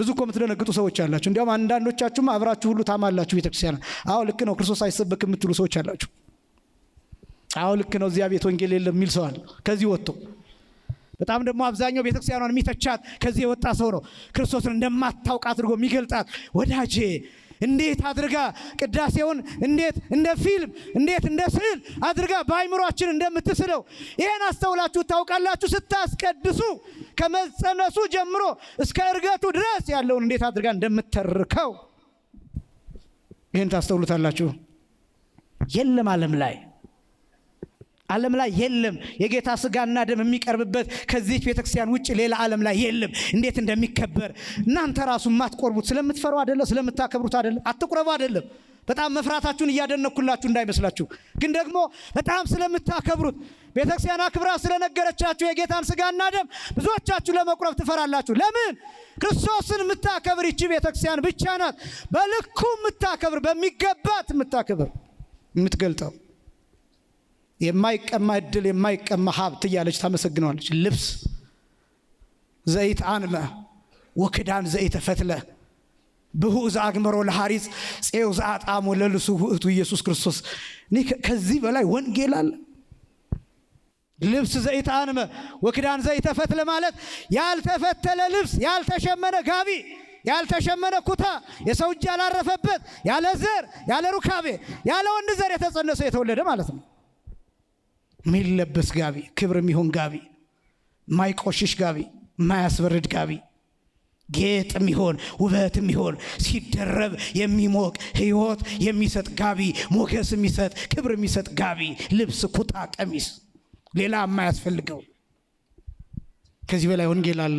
ብዙ እኮ የምትደነግጡ ሰዎች አላችሁ። እንዲያውም አንዳንዶቻችሁም አብራችሁ ሁሉ ታማላችሁ ቤተክርስቲያን። አዎ ልክ ነው፣ ክርስቶስ አይሰበክ የምትሉ ሰዎች አላችሁ። አዎ ልክ ነው፣ እዚያ ቤት ወንጌል የለም የሚል ሰዋል ከዚህ ወጥቶ በጣም ደግሞ አብዛኛው ቤተክርስቲያኗን የሚተቻት ከዚህ የወጣ ሰው ነው። ክርስቶስን እንደማታውቅ አድርጎ የሚገልጣት ወዳጄ እንዴት አድርጋ ቅዳሴውን እንዴት እንደ ፊልም እንዴት እንደ ስዕል አድርጋ በአይምሯችን እንደምትስለው ይህን አስተውላችሁ ታውቃላችሁ። ስታስቀድሱ ከመጸነሱ ጀምሮ እስከ እርገቱ ድረስ ያለውን እንዴት አድርጋ እንደምተርከው ይህን ታስተውሉታላችሁ። የለም ዓለም ላይ ዓለም ላይ የለም። የጌታ ስጋና ደም የሚቀርብበት ከዚች ቤተክርስቲያን ውጭ ሌላ ዓለም ላይ የለም። እንዴት እንደሚከበር እናንተ ራሱ የማትቆርቡት ስለምትፈሩ አደለ፣ ስለምታከብሩት አደለ። አትቁረቡ አደለም። በጣም መፍራታችሁን እያደነኩላችሁ እንዳይመስላችሁ፣ ግን ደግሞ በጣም ስለምታከብሩት ቤተክርስቲያን አክብራ ስለነገረቻችሁ የጌታን ስጋና ደም ብዙዎቻችሁ ለመቁረብ ትፈራላችሁ። ለምን? ክርስቶስን የምታከብር ይቺ ቤተክርስቲያን ብቻ ናት። በልኩ የምታከብር በሚገባት የምታከብር የምትገልጠው የማይቀማ እድል የማይቀማ ሀብት እያለች ታመሰግነዋለች። ልብስ ዘይት አንመ ወክዳን ዘይተ ፈትለ ብሁእ ዘአግመሮ ለሐሪጽ ፄው ዘአጣሙ ለልሱ ውእቱ ኢየሱስ ክርስቶስ። እኔ ከዚህ በላይ ወንጌል አለ። ልብስ ዘይት አንመ ወክዳን ዘኢተ ፈትለ ማለት ያልተፈተለ ልብስ፣ ያልተሸመነ ጋቢ፣ ያልተሸመነ ኩታ፣ የሰው እጅ ያላረፈበት፣ ያለ ዘር ያለ ሩካቤ ያለ ወንድ ዘር የተጸነሰ የተወለደ ማለት ነው። የሚለበስ ጋቢ፣ ክብር የሚሆን ጋቢ፣ ማይቆሽሽ ጋቢ፣ ማያስበርድ ጋቢ፣ ጌጥ የሚሆን ውበት የሚሆን ሲደረብ የሚሞቅ ህይወት የሚሰጥ ጋቢ፣ ሞገስ የሚሰጥ ክብር የሚሰጥ ጋቢ፣ ልብስ፣ ኩታ፣ ቀሚስ፣ ሌላ የማያስፈልገው ከዚህ በላይ ወንጌል አለ።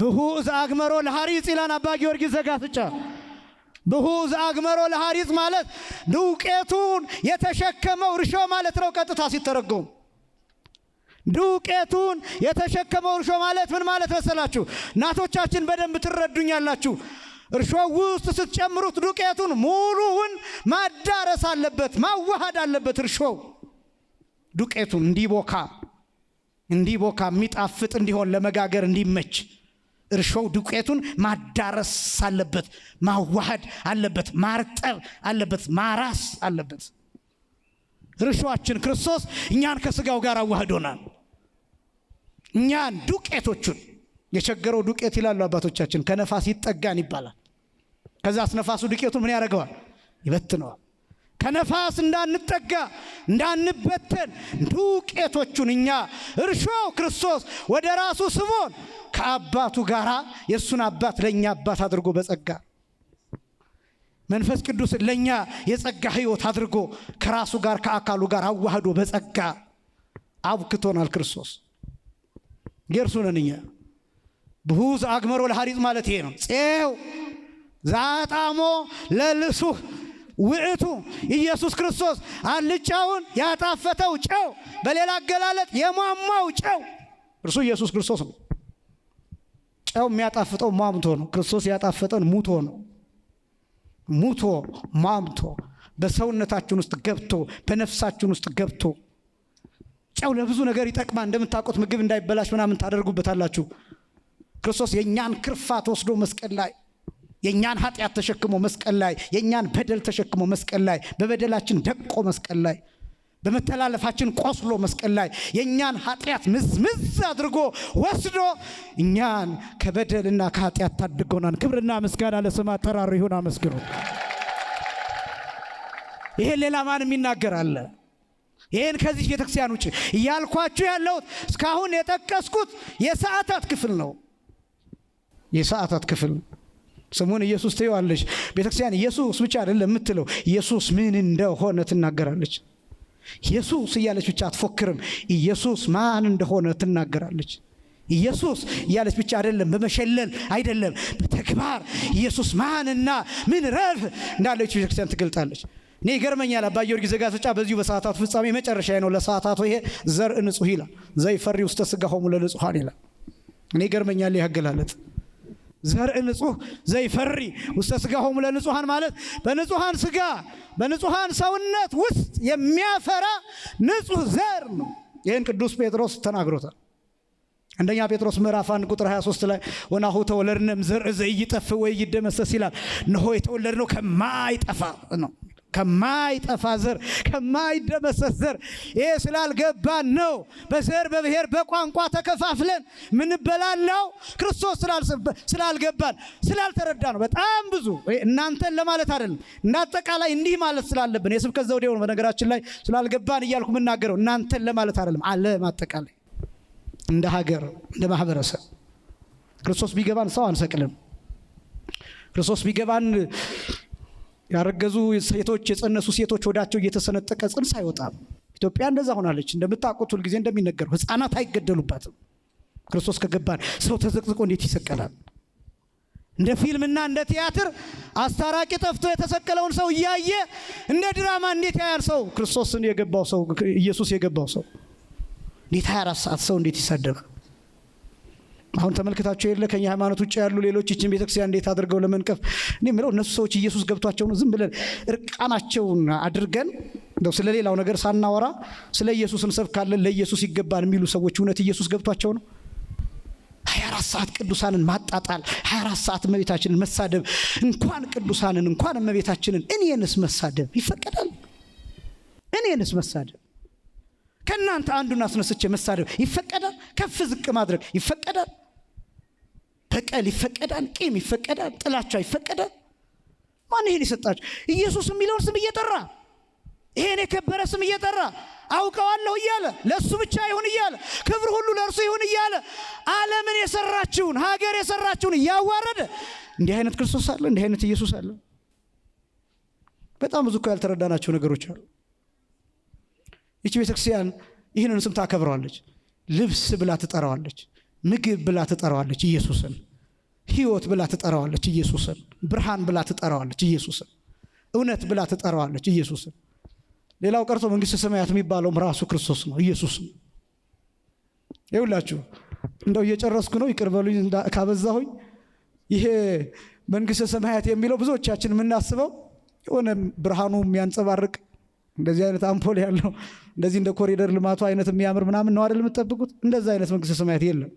ብሁ አግመሮ ለሐሪጽ ይላን አባ ጊዮርጊስ ዘጋስጫ ብሁዝ አግመሮ ለሐሪጽ ማለት ዱቄቱን የተሸከመው እርሾ ማለት ነው። ቀጥታ ሲተረጎም ዱቄቱን የተሸከመው እርሾ ማለት ምን ማለት መሰላችሁ? እናቶቻችን በደንብ ትረዱኛላችሁ። እርሾ ውስጥ ስትጨምሩት ዱቄቱን ሙሉውን ማዳረስ አለበት፣ ማዋሃድ አለበት። እርሾ ዱቄቱን እንዲቦካ እንዲቦካ የሚጣፍጥ እንዲሆን ለመጋገር እንዲመች እርሾው ዱቄቱን ማዳረስ አለበት፣ ማዋሃድ አለበት፣ ማርጠብ አለበት፣ ማራስ አለበት። እርሾችን ክርስቶስ እኛን ከስጋው ጋር አዋህዶናል። እኛን ዱቄቶቹን የቸገረው ዱቄት ይላሉ አባቶቻችን፣ ከነፋስ ይጠጋን ይባላል። ከዛስ ነፋሱ ዱቄቱን ምን ያደርገዋል? ይበትነዋል። ከነፋስ እንዳንጠጋ እንዳንበተን ዱቄቶቹን እኛ እርሾ ክርስቶስ ወደ ራሱ ስቦን ከአባቱ ጋር የእሱን አባት ለእኛ አባት አድርጎ በጸጋ መንፈስ ቅዱስ ለእኛ የጸጋ ሕይወት አድርጎ ከራሱ ጋር ከአካሉ ጋር አዋህዶ በጸጋ አብክቶናል። ክርስቶስ ጌርሱ ነን እኛ ብሁዝ አግመሮ ለሐሪጽ ማለት ይሄ ነው። ፄው ዛጣሞ ለልሱህ ውዕቱ ኢየሱስ ክርስቶስ አልጫውን ያጣፈተው ጨው፣ በሌላ አገላለጥ የሟሟው ጨው እርሱ ኢየሱስ ክርስቶስ ነው። ጨው የሚያጣፍጠው ሟምቶ ነው። ክርስቶስ ያጣፈጠን ሙቶ ነው። ሙቶ ሟምቶ በሰውነታችን ውስጥ ገብቶ በነፍሳችን ውስጥ ገብቶ ጨው ለብዙ ነገር ይጠቅማል። እንደምታውቁት ምግብ እንዳይበላሽ ምናምን ታደርጉበታላችሁ። ክርስቶስ የእኛን ክርፋት ወስዶ መስቀል ላይ የእኛን ኃጢአት ተሸክሞ መስቀል ላይ የእኛን በደል ተሸክሞ መስቀል ላይ በበደላችን ደቆ መስቀል ላይ በመተላለፋችን ቆስሎ መስቀል ላይ የእኛን ኃጢአት ምዝምዝ አድርጎ ወስዶ እኛን ከበደልና ከኃጢአት ታድጎናል። ክብርና ምስጋና ለስም አጠራሩ ይሁን። አመስግኑ። ይሄን ሌላ ማንም ይናገራል? ይህን ከዚህ ቤተክርስቲያን ውጭ እያልኳችሁ ያለሁት እስካሁን የጠቀስኩት የሰዓታት ክፍል ነው። የሰዓታት ክፍል ነው። ስሙን ኢየሱስ ትየዋለች። ቤተክርስቲያን ኢየሱስ ብቻ አይደለም የምትለው ኢየሱስ ምን እንደሆነ ትናገራለች። ኢየሱስ እያለች ብቻ አትፎክርም። ኢየሱስ ማን እንደሆነ ትናገራለች። ኢየሱስ እያለች ብቻ አይደለም፣ በመሸለል አይደለም፣ በተግባር ኢየሱስ ማንና ምን ረፍ እንዳለች ቤተክርስቲያን ትገልጣለች። እኔ ይገርመኛል። አባ ጊዮርጊስ ዘጋስጫ በዚሁ በሰዓታቱ ፍጻሜ መጨረሻ ነው ለሰዓታቱ ይሄ ዘርእ እንጹህ ይላል ዘይፈሪ ውስተ ስጋ ሆሙ ለንጹሐን ይላል። እኔ ይገርመኛል ይህ ዘርኢ ንጹህ ዘይፈሪ ውስተ ስጋሆሙ ለንጹሐን ማለት በንጹሐን ስጋ በንጹሐን ሰውነት ውስጥ የሚያፈራ ንጹህ ዘር ነው። ይህን ቅዱስ ጴጥሮስ ተናግሮታል። አንደኛ ጴጥሮስ ምዕራፍ 1 ቁጥር 23 ላይ ወናሁ ተወለድነ እምዘርእ ወይ ይደመሰስ ይላል። እነሆ የተወለድነው ከማይጠፋ ነው ከማይጠፋ ዘር ከማይደመሰስ ዘር። ይሄ ስላልገባን ነው በዘር በብሔር በቋንቋ ተከፋፍለን ምንበላላው። ክርስቶስ ስላልገባን ስላልተረዳ ነው። በጣም ብዙ እናንተን ለማለት አይደለም፣ እንዳጠቃላይ እንዲህ ማለት ስላለብን የስብከት ዘውዴ ሆኖ በነገራችን ላይ ስላልገባን እያልኩ የምናገረው እናንተን ለማለት አይደለም፣ ዓለም አጠቃላይ እንደ ሀገር እንደ ማህበረሰብ ክርስቶስ ቢገባን ሰው አንሰቅልም። ክርስቶስ ቢገባን ያረገዙ ሴቶች የጸነሱ ሴቶች ወዳቸው እየተሰነጠቀ ጽንስ አይወጣም። ኢትዮጵያ እንደዛ ሆናለች። እንደምታውቁት ሁልጊዜ እንደሚነገረው ህፃናት አይገደሉባትም። ክርስቶስ ከገባን ሰው ተዘቅዝቆ እንዴት ይሰቀላል? እንደ ፊልምና እንደ ቲያትር አስታራቂ ጠፍቶ የተሰቀለውን ሰው እያየ እንደ ድራማ እንዴት ያያል ሰው? ክርስቶስን የገባው ሰው ኢየሱስ የገባው ሰው እንዴት 24 ሰዓት ሰው እንዴት ይሳደባል? አሁን ተመልክታቸው የለ ከኛ ሃይማኖት ውጭ ያሉ ሌሎች ይችን ቤተክርስቲያን እንዴት አድርገው ለመንቀፍ እኔ የምለው እነሱ ሰዎች ኢየሱስ ገብቷቸው ነው። ዝም ብለን እርቃናቸውን አድርገን እንደው ስለ ሌላው ነገር ሳናወራ ስለ ኢየሱስ እንሰብካለን፣ ለኢየሱስ ይገባል የሚሉ ሰዎች እውነት ኢየሱስ ገብቷቸው ነው? 24 ሰዓት ቅዱሳንን ማጣጣል፣ 24 ሰዓት እመቤታችንን መሳደብ፣ እንኳን ቅዱሳንን እንኳን እመቤታችንን እኔንስ መሳደብ ይፈቀዳል? እኔንስ መሳደብ ከእናንተ አንዱን አስነስቼ መሳደብ ይፈቀዳል? ከፍ ዝቅ ማድረግ ይፈቀዳል? በቀል ይፈቀዳል፣ ቂም ይፈቀዳል፣ ጥላቻ ይፈቀዳል። ማን ይሄን የሰጣቸው? ኢየሱስ የሚለውን ስም እየጠራ ይሄን የከበረ ስም እየጠራ አውቀዋለሁ እያለ ለእሱ ብቻ ይሁን እያለ ክብር ሁሉ ለእርሱ ይሁን እያለ ዓለምን የሰራችውን ሀገር የሰራችውን እያዋረደ እንዲህ አይነት ክርስቶስ አለ፣ እንዲህ አይነት ኢየሱስ አለ። በጣም ብዙ እኮ ያልተረዳናቸው ነገሮች አሉ። ይቺ ቤተክርስቲያን ይህንን ስም ታከብረዋለች፣ ልብስ ብላ ትጠራዋለች። ምግብ ብላ ትጠራዋለች ኢየሱስን። ህይወት ብላ ትጠራዋለች ኢየሱስን። ብርሃን ብላ ትጠራዋለች ኢየሱስን። እውነት ብላ ትጠራዋለች ኢየሱስን። ሌላው ቀርቶ መንግሥተ ሰማያት የሚባለውም ራሱ ክርስቶስ ነው፣ ኢየሱስ ነው። ይውላችሁ እንደው እየጨረስኩ ነው፣ ይቅር በሉኝ ካበዛሁኝ። ይሄ መንግሥተ ሰማያት የሚለው ብዙዎቻችን የምናስበው የሆነ ብርሃኑ የሚያንጸባርቅ እንደዚህ አይነት አምፖል ያለው እንደዚህ እንደ ኮሪደር ልማቱ አይነት የሚያምር ምናምን ነው አይደል? የምትጠብቁት እንደዚህ አይነት መንግሥተ ሰማያት የለም።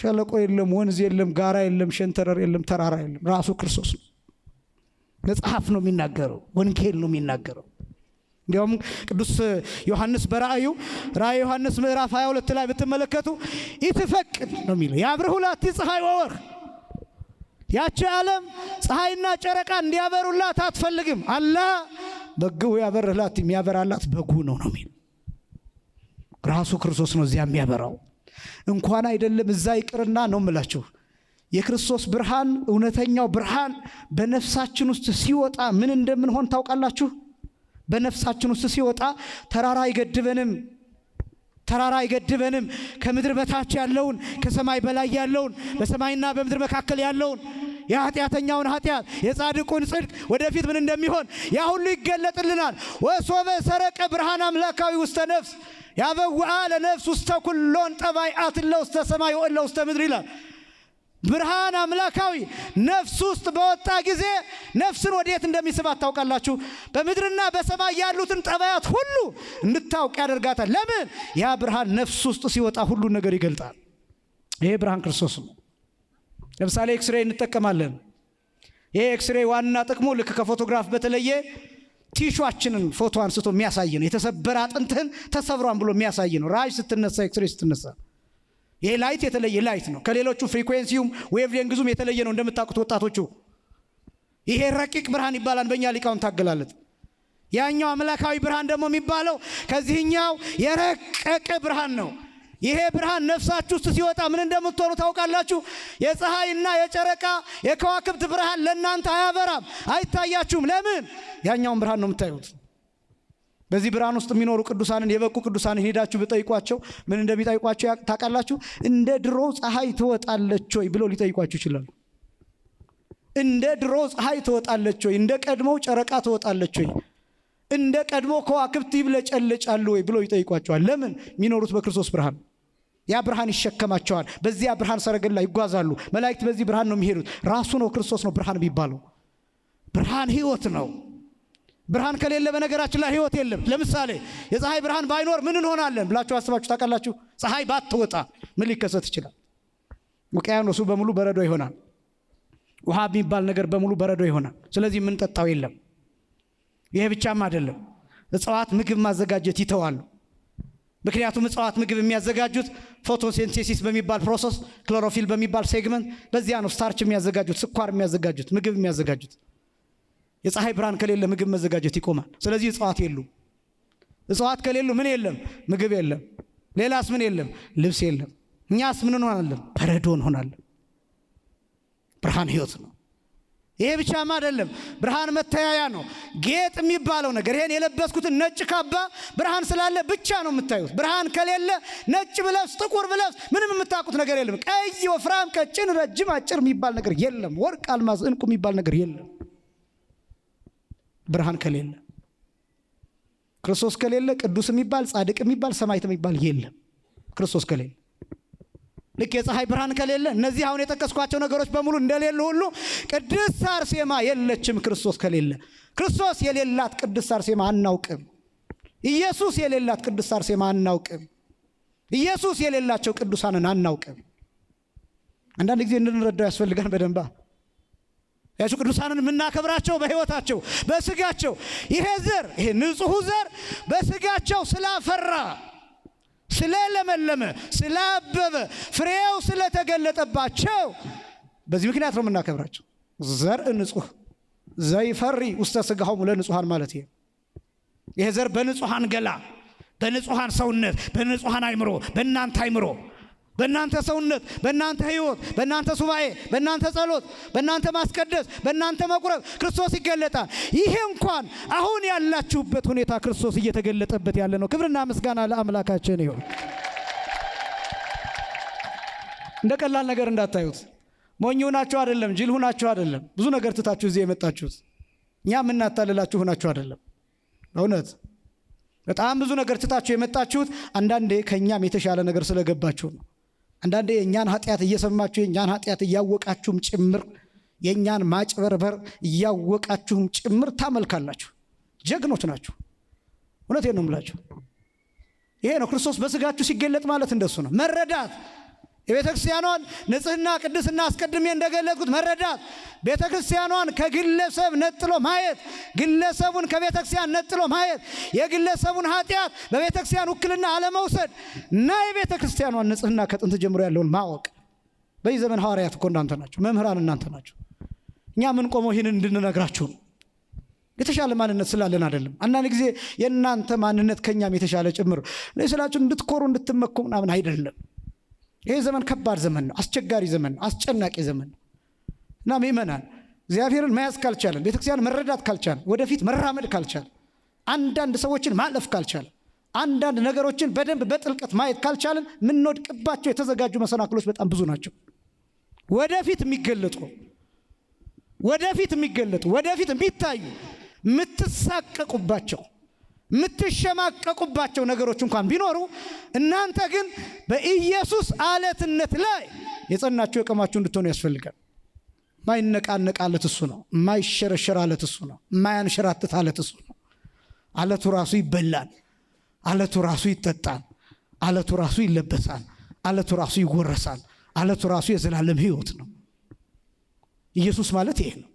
ሸለቆ የለም፣ ወንዝ የለም፣ ጋራ የለም፣ ሸንተረር የለም፣ ተራራ የለም። ራሱ ክርስቶስ ነው። መጽሐፍ ነው የሚናገረው፣ ወንጌል ነው የሚናገረው። እንዲያውም ቅዱስ ዮሐንስ በራእዩ ራእይ ዮሐንስ ምዕራፍ 22 ላይ ብትመለከቱ ኢትፈቅድ ነው የሚለው የአብርሁ ፀሐይ ወወር ያቺ ዓለም ፀሐይና ጨረቃ እንዲያበሩላት አትፈልግም። አላ በግው ያበርህላት የሚያበራላት በጉ ነው ነው የሚል ራሱ ክርስቶስ ነው እዚያ የሚያበራው። እንኳን አይደለም እዛ ይቅርና ነው ምላችሁ የክርስቶስ ብርሃን እውነተኛው ብርሃን በነፍሳችን ውስጥ ሲወጣ ምን እንደምንሆን ታውቃላችሁ? በነፍሳችን ውስጥ ሲወጣ ተራራ አይገድበንም። ተራራ አይገድበንም። ከምድር በታች ያለውን ከሰማይ በላይ ያለውን በሰማይና በምድር መካከል ያለውን የኃጢአተኛውን ኃጢአት የጻድቁን ጽድቅ ወደፊት ምን እንደሚሆን ያ ሁሉ ይገለጥልናል። ወሶበ ሰረቀ ብርሃን አምላካዊ ውስተ ነፍስ ያበውአ ለነፍስ ውስተ ኩሎን ጠባይአትለ ውስተ ሰማይ ወእለ ውስተ ምድር ይላል። ብርሃን አምላካዊ ነፍስ ውስጥ በወጣ ጊዜ ነፍስን ወዴት እንደሚስባት ታውቃላችሁ። በምድርና በሰማይ ያሉትን ጠባያት ሁሉ እንድታውቅ ያደርጋታል። ለምን? ያ ብርሃን ነፍስ ውስጥ ሲወጣ ሁሉን ነገር ይገልጣል። ይሄ ብርሃን ክርስቶስ ነው። ለምሳሌ ኤክስሬይ እንጠቀማለን። ይሄ ኤክስሬይ ዋና ጥቅሙ ልክ ከፎቶግራፍ በተለየ ቲሹችንን ፎቶ አንስቶ የሚያሳይ ነው። የተሰበረ አጥንትህን ተሰብሯን ብሎ የሚያሳይ ነው። ራጅ ስትነሳ፣ ኤክስሬ ስትነሳ ይሄ ላይት የተለየ ላይት ነው። ከሌሎቹ ፍሪኩዌንሲውም ዌቭ ሌንግዙም የተለየ ነው። እንደምታውቁት ወጣቶቹ ይሄ ረቂቅ ብርሃን ይባላል በእኛ ሊቃውን ታገላለጥ። ያኛው አምላካዊ ብርሃን ደግሞ የሚባለው ከዚህኛው የረቀቀ ብርሃን ነው። ይሄ ብርሃን ነፍሳችሁ ውስጥ ሲወጣ ምን እንደምትሆኑ ታውቃላችሁ። የፀሐይና የጨረቃ የከዋክብት ብርሃን ለእናንተ አያበራም፣ አይታያችሁም። ለምን? ያኛውን ብርሃን ነው የምታዩት። በዚህ ብርሃን ውስጥ የሚኖሩ ቅዱሳንን የበቁ ቅዱሳንን ሄዳችሁ ብጠይቋቸው ምን እንደሚጠይቋቸው ታውቃላችሁ? እንደ ድሮ ፀሐይ ትወጣለች ወይ ብለው ሊጠይቋችሁ ይችላሉ። እንደ ድሮ ፀሐይ ትወጣለች ወይ፣ እንደ ቀድሞው ጨረቃ ትወጣለች ወይ እንደ ቀድሞ ከዋክብት ይብለጨለጫሉ ወይ ብለው ይጠይቋቸዋል። ለምን? የሚኖሩት በክርስቶስ ብርሃን ያ ብርሃን ይሸከማቸዋል። በዚያ ብርሃን ሰረገላ ይጓዛሉ። መላእክት በዚህ ብርሃን ነው የሚሄዱት። ራሱ ነው ክርስቶስ ነው ብርሃን የሚባለው። ብርሃን ህይወት ነው። ብርሃን ከሌለ በነገራችን ላይ ህይወት የለም። ለምሳሌ የፀሐይ ብርሃን ባይኖር ምን እንሆናለን ብላችሁ አስባችሁ ታውቃላችሁ? ፀሐይ ባትወጣ ምን ሊከሰት ይችላል? ውቅያኖሱ በሙሉ በረዶ ይሆናል። ውሃ የሚባል ነገር በሙሉ በረዶ ይሆናል። ስለዚህ የምንጠጣው የለም። ይሄ ብቻም አይደለም፣ እጽዋት ምግብ ማዘጋጀት ይተዋሉ። ምክንያቱም እጽዋት ምግብ የሚያዘጋጁት ፎቶሴንቴሲስ በሚባል ፕሮሰስ፣ ክሎሮፊል በሚባል ሴግመንት፣ ለዚያ ነው ስታርች የሚያዘጋጁት፣ ስኳር የሚያዘጋጁት፣ ምግብ የሚያዘጋጁት። የፀሐይ ብርሃን ከሌለ ምግብ መዘጋጀት ይቆማል። ስለዚህ እጽዋት የሉም። እጽዋት ከሌሉ ምን የለም? ምግብ የለም። ሌላስ ምን የለም? ልብስ የለም። እኛስ ምን እንሆናለን? በረዶ እንሆናለን። ብርሃን ህይወት ነው። ይሄ ብቻም አይደለም፣ ብርሃን መተያያ ነው። ጌጥ የሚባለው ነገር ይሄን የለበስኩትን ነጭ ካባ ብርሃን ስላለ ብቻ ነው የምታዩት። ብርሃን ከሌለ ነጭ ብለብስ፣ ጥቁር ብለብስ ምንም የምታውቁት ነገር የለም። ቀይ፣ ወፍራም፣ ቀጭን፣ ረጅም፣ አጭር የሚባል ነገር የለም። ወርቅ፣ አልማዝ፣ እንቁ የሚባል ነገር የለም። ብርሃን ከሌለ ክርስቶስ ከሌለ ቅዱስ የሚባል ጻድቅ የሚባል ሰማይት የሚባል የለም። ክርስቶስ ከሌለ ልክ የፀሐይ ብርሃን ከሌለ እነዚህ አሁን የጠቀስኳቸው ነገሮች በሙሉ እንደሌሉ ሁሉ ቅድስት አርሴማ የለችም። ክርስቶስ ከሌለ ክርስቶስ የሌላት ቅድስት አርሴማ አናውቅም። ኢየሱስ የሌላት ቅድስት አርሴማ አናውቅም። ኢየሱስ የሌላቸው ቅዱሳንን አናውቅም። አንዳንድ ጊዜ እንድንረዳው ያስፈልጋል በደንባ ያቸው ቅዱሳንን የምናከብራቸው በህይወታቸው በስጋቸው ይሄ ዘር ይሄ ንጹሑ ዘር በስጋቸው ስላፈራ ስለለመለመ፣ ስላበበ፣ ፍሬው ስለተገለጠባቸው በዚህ ምክንያት ነው የምናከብራቸው። ዘር ንጹህ ዘይፈሪ ውስተ ስጋሆሙ ለንጹሐን ማለት ይሄ ይሄ ዘር በንጹሐን ገላ፣ በንጹሐን ሰውነት፣ በንጹሐን አይምሮ፣ በእናንተ አይምሮ በእናንተ ሰውነት፣ በእናንተ ህይወት፣ በእናንተ ሱባኤ፣ በእናንተ ጸሎት፣ በእናንተ ማስቀደስ፣ በእናንተ መቁረብ ክርስቶስ ይገለጣል። ይሄ እንኳን አሁን ያላችሁበት ሁኔታ ክርስቶስ እየተገለጠበት ያለ ነው። ክብርና ምስጋና ለአምላካችን ይሁን። እንደ ቀላል ነገር እንዳታዩት። ሞኝ ሁናችሁ አይደለም፣ ጅል ሁናችሁ አይደለም። ብዙ ነገር ትታችሁ እዚህ የመጣችሁት እኛ የምናታልላችሁ ሁናችሁ አይደለም። እውነት በጣም ብዙ ነገር ትታችሁ የመጣችሁት አንዳንዴ ከእኛም የተሻለ ነገር ስለገባችሁ ነው። አንዳንዴ የእኛን ኃጢአት እየሰማችሁ የእኛን ኃጢአት እያወቃችሁም ጭምር የእኛን ማጭበርበር እያወቃችሁም ጭምር ታመልካላችሁ። ጀግኖች ናችሁ። እውነቴን ነው የምላችሁ። ይሄ ነው ክርስቶስ በስጋችሁ ሲገለጥ ማለት እንደሱ ነው መረዳት የቤተ ክርስቲያኗን ንጽህና፣ ቅድስና አስቀድሜ እንደገለጽኩት መረዳት፣ ቤተ ክርስቲያኗን ከግለሰብ ነጥሎ ማየት፣ ግለሰቡን ከቤተ ክርስቲያን ነጥሎ ማየት፣ የግለሰቡን ኃጢአት በቤተ ክርስቲያን ውክልና አለመውሰድ እና የቤተ ክርስቲያኗን ንጽህና ከጥንት ጀምሮ ያለውን ማወቅ። በዚህ ዘመን ሐዋርያት እኮ እናንተ ናቸው፣ መምህራን እናንተ ናቸው። እኛ ምን ቆመው ይህንን እንድንነግራችሁ ነው። የተሻለ ማንነት ስላለን አይደለም። አንዳንድ ጊዜ የእናንተ ማንነት ከእኛም የተሻለ ጭምር ስላችሁ እንድትኮሩ እንድትመኩ ምናምን አይደለም ይሄ ዘመን ከባድ ዘመን ነው። አስቸጋሪ ዘመን ነው። አስጨናቂ ዘመን ነው እና ምእመናን እግዚአብሔርን መያዝ ካልቻለን፣ ቤተክርስቲያን መረዳት ካልቻለን፣ ወደፊት መራመድ ካልቻለን፣ አንዳንድ ሰዎችን ማለፍ ካልቻለን፣ አንዳንድ ነገሮችን በደንብ በጥልቀት ማየት ካልቻለን የምንወድቅባቸው የተዘጋጁ መሰናክሎች በጣም ብዙ ናቸው። ወደፊት የሚገለጡ ወደፊት የሚገለጡ ወደፊት የሚታዩ የምትሳቀቁባቸው የምትሸማቀቁባቸው ነገሮች እንኳን ቢኖሩ እናንተ ግን በኢየሱስ አለትነት ላይ የጸናችሁ የቀማችሁ እንድትሆኑ ያስፈልጋል። ማይነቃነቃለት አለት እሱ ነው። ማይሸረሸር አለት እሱ ነው። ማያንሸራትት አለት እሱ ነው። አለቱ ራሱ ይበላል። አለቱ ራሱ ይጠጣል። አለቱ ራሱ ይለበሳል። አለቱ ራሱ ይወረሳል። አለቱ ራሱ የዘላለም ሕይወት ነው። ኢየሱስ ማለት ይሄ ነው።